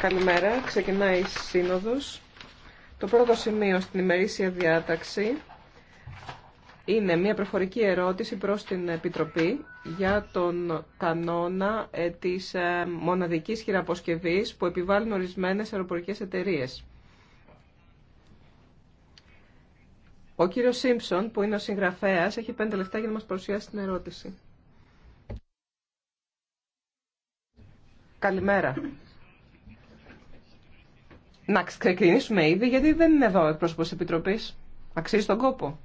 Καλημέρα, ξεκινάει η σύνοδος. Το πρώτο σημείο στην ημερήσια διάταξη είναι μια προφορική ερώτηση προς την Επιτροπή για τον κανόνα ε, της ε, μοναδικής χειραποσκευής που επιβάλλουν ορισμένες αεροπορικές εταιρείες. Ο κύριος Σίμψον, που είναι ο συγγραφέας, έχει πέντε λεφτά για να μας παρουσιάσει την ερώτηση. Καλημέρα. Να ξεκινήσουμε ήδη, γιατί δεν είναι εδώ εκπρόσωπος της Επιτροπής. Αξίζει τον κόπο.